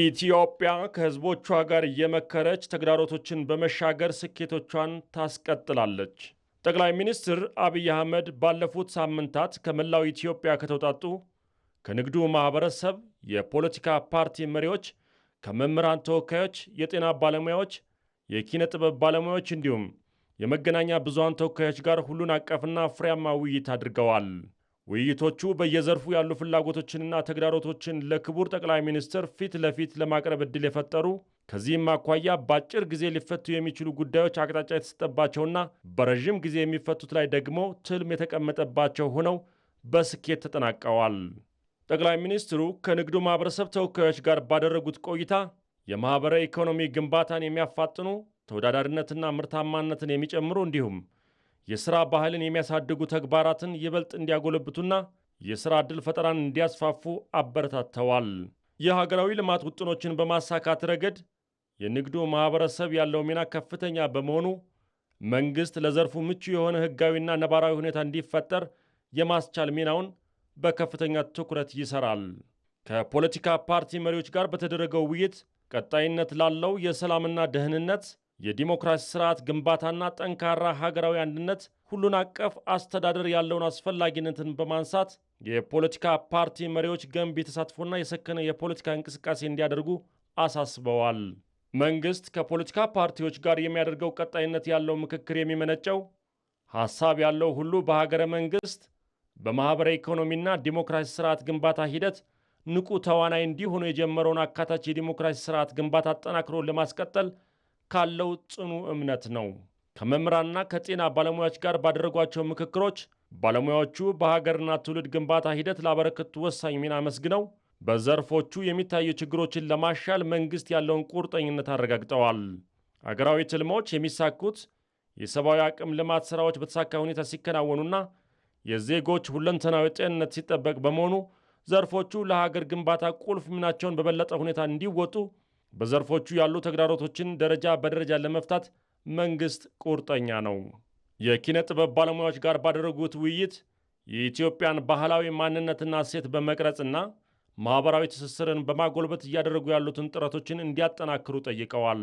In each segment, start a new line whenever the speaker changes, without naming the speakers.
ኢትዮጵያ ከህዝቦቿ ጋር እየመከረች ተግዳሮቶችን በመሻገር ስኬቶቿን ታስቀጥላለች። ጠቅላይ ሚኒስትር አብይ አህመድ ባለፉት ሳምንታት ከመላው ኢትዮጵያ ከተውጣጡ ከንግዱ ማኅበረሰብ፣ የፖለቲካ ፓርቲ መሪዎች፣ ከመምህራን ተወካዮች፣ የጤና ባለሙያዎች፣ የኪነ ጥበብ ባለሙያዎች እንዲሁም የመገናኛ ብዙሃን ተወካዮች ጋር ሁሉን አቀፍና ፍሬያማ ውይይት አድርገዋል። ውይይቶቹ በየዘርፉ ያሉ ፍላጎቶችንና ተግዳሮቶችን ለክቡር ጠቅላይ ሚኒስትር ፊት ለፊት ለማቅረብ ዕድል የፈጠሩ ከዚህም አኳያ በአጭር ጊዜ ሊፈቱ የሚችሉ ጉዳዮች አቅጣጫ የተሰጠባቸውና በረዥም ጊዜ የሚፈቱት ላይ ደግሞ ትልም የተቀመጠባቸው ሆነው በስኬት ተጠናቀዋል። ጠቅላይ ሚኒስትሩ ከንግዱ ማህበረሰብ ተወካዮች ጋር ባደረጉት ቆይታ የማኅበረ ኢኮኖሚ ግንባታን የሚያፋጥኑ ተወዳዳሪነትና ምርታማነትን የሚጨምሩ እንዲሁም የሥራ ባህልን የሚያሳድጉ ተግባራትን ይበልጥ እንዲያጎለብቱና የሥራ ዕድል ፈጠራን እንዲያስፋፉ አበረታተዋል። የሀገራዊ ልማት ውጥኖችን በማሳካት ረገድ የንግዱ ማኅበረሰብ ያለው ሚና ከፍተኛ በመሆኑ መንግሥት ለዘርፉ ምቹ የሆነ ሕጋዊና ነባራዊ ሁኔታ እንዲፈጠር የማስቻል ሚናውን በከፍተኛ ትኩረት ይሠራል። ከፖለቲካ ፓርቲ መሪዎች ጋር በተደረገው ውይይት ቀጣይነት ላለው የሰላምና ደህንነት የዲሞክራሲ ስርዓት ግንባታና ጠንካራ ሀገራዊ አንድነት ሁሉን አቀፍ አስተዳደር ያለውን አስፈላጊነትን በማንሳት የፖለቲካ ፓርቲ መሪዎች ገንቢ ተሳትፎና የሰከነ የፖለቲካ እንቅስቃሴ እንዲያደርጉ አሳስበዋል። መንግስት ከፖለቲካ ፓርቲዎች ጋር የሚያደርገው ቀጣይነት ያለው ምክክር የሚመነጨው ሐሳብ ያለው ሁሉ በሀገረ መንግስት በማኅበረ ኢኮኖሚና ዲሞክራሲ ስርዓት ግንባታ ሂደት ንቁ ተዋናይ እንዲሆኑ የጀመረውን አካታች የዲሞክራሲ ስርዓት ግንባታ አጠናክሮ ለማስቀጠል ካለው ጽኑ እምነት ነው። ከመምህራንና ከጤና ባለሙያዎች ጋር ባደረጓቸው ምክክሮች ባለሙያዎቹ በሀገርና ትውልድ ግንባታ ሂደት ላበረከቱ ወሳኝ ሚና አመስግነው በዘርፎቹ የሚታዩ ችግሮችን ለማሻል መንግሥት ያለውን ቁርጠኝነት አረጋግጠዋል። አገራዊ ትልሞች የሚሳኩት የሰብአዊ አቅም ልማት ሥራዎች በተሳካ ሁኔታ ሲከናወኑና የዜጎች ሁለንተናዊ ጤንነት ሲጠበቅ በመሆኑ ዘርፎቹ ለሀገር ግንባታ ቁልፍ ሚናቸውን በበለጠ ሁኔታ እንዲወጡ በዘርፎቹ ያሉ ተግዳሮቶችን ደረጃ በደረጃ ለመፍታት መንግሥት ቁርጠኛ ነው። የኪነ ጥበብ ባለሙያዎች ጋር ባደረጉት ውይይት የኢትዮጵያን ባህላዊ ማንነትና እሴት በመቅረጽና ማኅበራዊ ትስስርን በማጎልበት እያደረጉ ያሉትን ጥረቶችን እንዲያጠናክሩ ጠይቀዋል።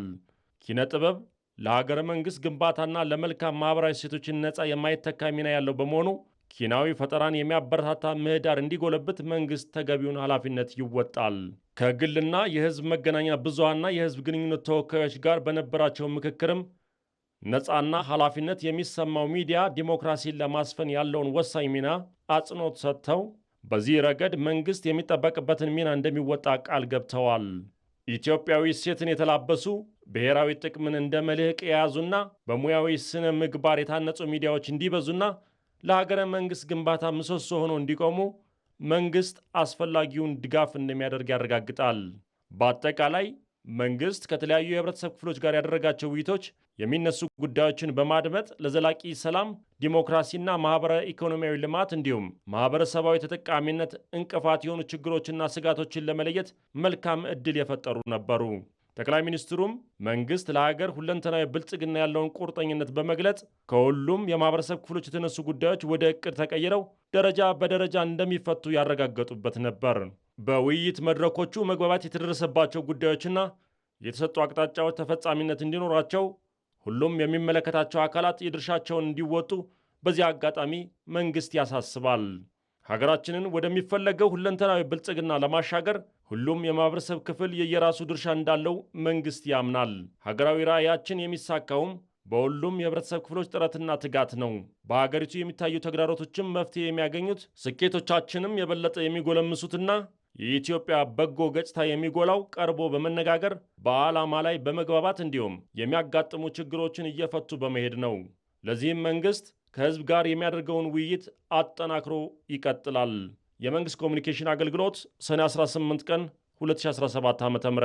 ኪነ ጥበብ ለሀገረ መንግሥት ግንባታና ለመልካም ማኅበራዊ እሴቶችን ነፃ የማይተካ ሚና ያለው በመሆኑ ኪናዊ ፈጠራን የሚያበረታታ ምህዳር እንዲጎለብት መንግሥት ተገቢውን ኃላፊነት ይወጣል። ከግልና የሕዝብ መገናኛ ብዙሃንና የሕዝብ ግንኙነት ተወካዮች ጋር በነበራቸው ምክክርም ነፃና ኃላፊነት የሚሰማው ሚዲያ ዲሞክራሲን ለማስፈን ያለውን ወሳኝ ሚና አጽንኦት ሰጥተው በዚህ ረገድ መንግሥት የሚጠበቅበትን ሚና እንደሚወጣ ቃል ገብተዋል። ኢትዮጵያዊ ሴትን የተላበሱ ብሔራዊ ጥቅምን እንደ መልህቅ የያዙና በሙያዊ ስነ ምግባር የታነጹ ሚዲያዎች እንዲበዙና ለሀገረ መንግስት ግንባታ ምሰሶ ሆነው እንዲቆሙ መንግስት አስፈላጊውን ድጋፍ እንደሚያደርግ ያረጋግጣል። በአጠቃላይ መንግስት ከተለያዩ የህብረተሰብ ክፍሎች ጋር ያደረጋቸው ውይይቶች የሚነሱ ጉዳዮችን በማድመጥ ለዘላቂ ሰላም፣ ዲሞክራሲና ማኅበራዊ ኢኮኖሚያዊ ልማት እንዲሁም ማኅበረሰባዊ ተጠቃሚነት እንቅፋት የሆኑ ችግሮችና ስጋቶችን ለመለየት መልካም ዕድል የፈጠሩ ነበሩ። ጠቅላይ ሚኒስትሩም መንግስት ለሀገር ሁለንተናዊ ብልጽግና ያለውን ቁርጠኝነት በመግለጽ ከሁሉም የማህበረሰብ ክፍሎች የተነሱ ጉዳዮች ወደ እቅድ ተቀይረው ደረጃ በደረጃ እንደሚፈቱ ያረጋገጡበት ነበር። በውይይት መድረኮቹ መግባባት የተደረሰባቸው ጉዳዮችና የተሰጡ አቅጣጫዎች ተፈጻሚነት እንዲኖራቸው ሁሉም የሚመለከታቸው አካላት የድርሻቸውን እንዲወጡ በዚህ አጋጣሚ መንግስት ያሳስባል። ሀገራችንን ወደሚፈለገው ሁለንተናዊ ብልጽግና ለማሻገር ሁሉም የማህበረሰብ ክፍል የየራሱ ድርሻ እንዳለው መንግስት ያምናል። ሀገራዊ ራዕያችን የሚሳካውም በሁሉም የህብረተሰብ ክፍሎች ጥረትና ትጋት ነው። በሀገሪቱ የሚታዩ ተግዳሮቶችም መፍትሄ የሚያገኙት ስኬቶቻችንም የበለጠ የሚጎለምሱትና የኢትዮጵያ በጎ ገጽታ የሚጎላው ቀርቦ በመነጋገር በዓላማ ላይ በመግባባት እንዲሁም የሚያጋጥሙ ችግሮችን እየፈቱ በመሄድ ነው። ለዚህም መንግስት ከህዝብ ጋር የሚያደርገውን ውይይት አጠናክሮ ይቀጥላል። የመንግሥት ኮሚኒኬሽን አገልግሎት ሰኔ 18 ቀን 2017 ዓ ም